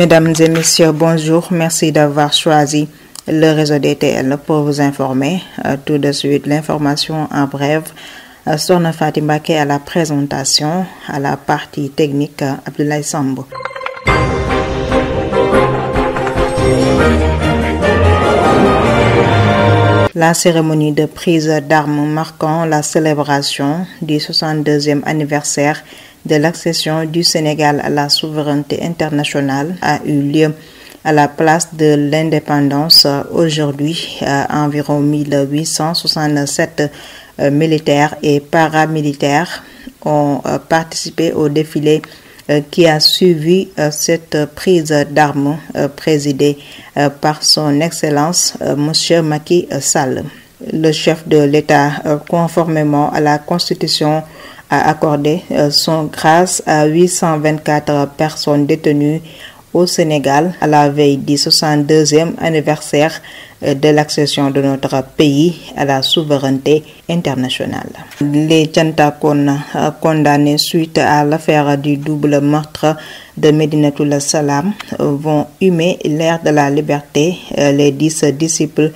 Mesdames et messieurs, bonjour. Merci d'avoir choisi le réseau DTL pour vous informer. Euh, tout de suite, l'information en bref. Euh, Sorna Fatimbaké à la présentation, à la partie technique, euh, Abdoulaye Sambo. La cérémonie de prise d'armes marquant la célébration du 62e anniversaire de l'accession du Sénégal à la souveraineté internationale a eu lieu à la place de l'indépendance aujourd'hui euh, environ 1867 euh, militaires et paramilitaires ont euh, participé au défilé euh, qui a suivi euh, cette euh, prise d'armes présidée par son Excellence M. Macky Sall. Le chef de l'État, conformément à la Constitution, a accordé son grâce à 824 personnes détenues au Sénégal à la veille du 62e anniversaire euh, de l'accession de notre pays à la souveraineté internationale. Les Tchantakon euh, condamnés suite à l'affaire du double meurtre de Medinatullah Salam euh, vont humer l'ère de la liberté. Les dix disciples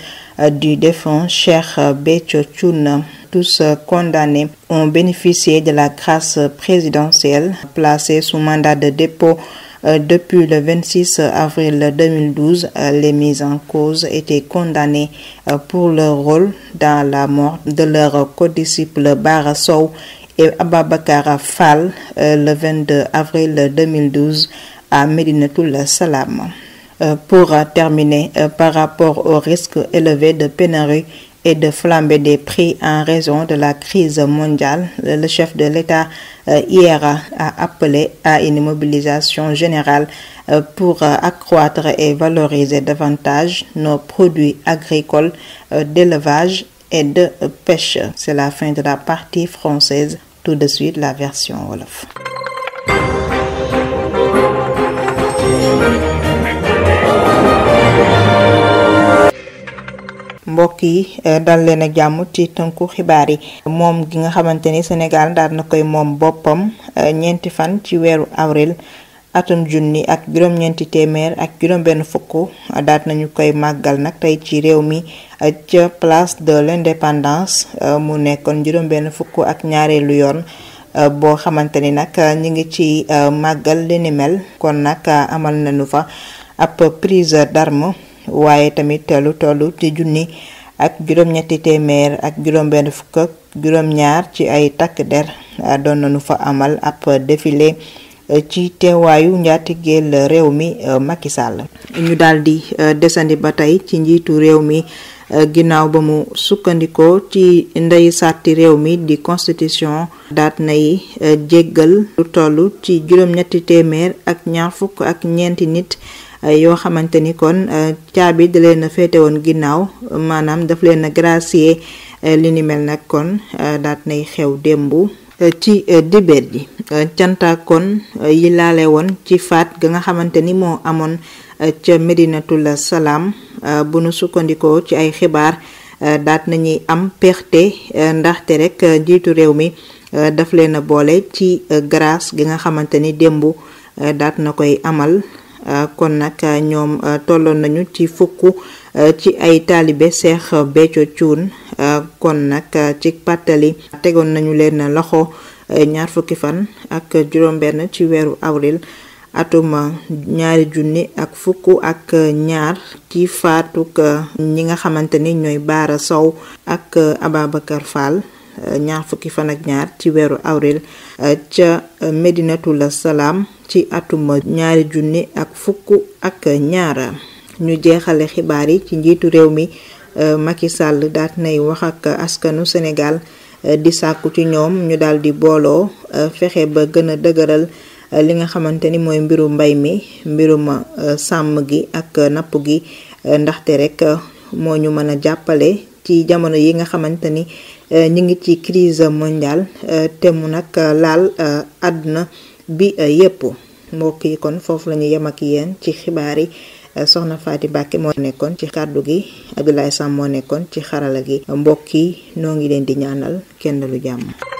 du défunt Cher Bechotchun, tous condamnés, ont bénéficié de la grâce présidentielle placée sous mandat de dépôt euh, depuis le 26 avril 2012, euh, les mises en cause étaient condamnées euh, pour leur rôle dans la mort de leur codisciple Bara et Ababakar Fall le 22 avril 2012 à Medinatul Salam. Pour terminer, par rapport au risque élevé de pénurie et de flamber des prix en raison de la crise mondiale. Le chef de l'État euh, hier a appelé à une mobilisation générale euh, pour euh, accroître et valoriser davantage nos produits agricoles d'élevage et de pêche. C'est la fin de la partie française. Tout de suite, la version Wolof. mbokk yi eh, dal leen ak jàmm ci tënku xibaar yi moom gi nga xamante ni Sénégal daal na koy moom boppam eh, ñeenti fan ci weeru avril atum junni ak juróom téeméer ak juróom-benn fukk eh, daal nañu koy màggal nag tey ci réew mi ca place de l'indépendance mu nekkoon juróom-benn fukk ak ñaareelu yoon. boo xamante ni nag ñu ngi ci uh, màggal li mel kon nag amal nañu fa ab prise d'armes waaye tamit lu toll ci junni ak juróom-ñetti téeméer ak juróom-benn fukk ak juróom-ñaar ci ay takk der ah, doon nañu fa amal ab défilé eh, ci teewaayu njaatigeel réew mi eh, Macky Sall. ñu daal di eh, desandi ba tey ci njiitu réew mi ginnaaw ba mu sukkandikoo ci ndey sàtti réew mi di constitution daat nay jéggal lu toll ci juróom-ñetti téeméer ak ñaar fukk ak ñeenti nit. yoo xamante ni kon euh, caabi da leen a féete woon ginnaaw maanaam daf leen a gracier euh, li ni mel nag kon euh, daat nay xew démb ci dibéer ji cantaakon yi laale woon ci faat ga nga xamante ni moo amoon ca Medinatul Salaam bu nu sukkandikoo ci ay xibaar daat nañuy am perte ndaxte rek njiitu réew mi daf leen a boole ci grâce gi nga xamante ni démb daat na koy amal Euh, kon nag euh, ñoom euh, tolloon nañu ci fukk ci ay taalibe Seex Béthio Thioune kon nag ci pàttali tegoon nañu leen loxo ñaar fukki fan ak juróom-benn ci weeru avril atum ñaari junni ak fukk ak ñaar ci faatuk ñi nga xamante ni ñooy Baara Sow ak Ababacar Fall ñaar fukki fan ak ñaar ci weeru awril euh, ca euh, Medinatul Salaam ci atuma ñaari junni ak fukk ak ñaar ñu jeexale xibaar yi ci njiitu réew mi euh, Macky Sall daat nay wax ak askanu Sénégal di sàkku ci ñoom ñu daal di booloo fexe ba gën a dëgëral li nga xamante ni mooy mbiru mbay mi mbirum sàmm gi ak napp gi ndaxte rek moo ñu mën a jàppale ci jamono yi nga xamante ni Eh, ñu ngi ci crise mondial eh, te mu nag eh, laal àdduna bi yépp mbokk yi kon foofu la ñu yem ak yéen ci xibaar yi soxna Faty Mbacké moo nekkoon ci kàddu gi Abdoulaye Sam moo nekkoon ci xarala gi mbokk yi noo ngi leen di ñaanal kenn lu jàmm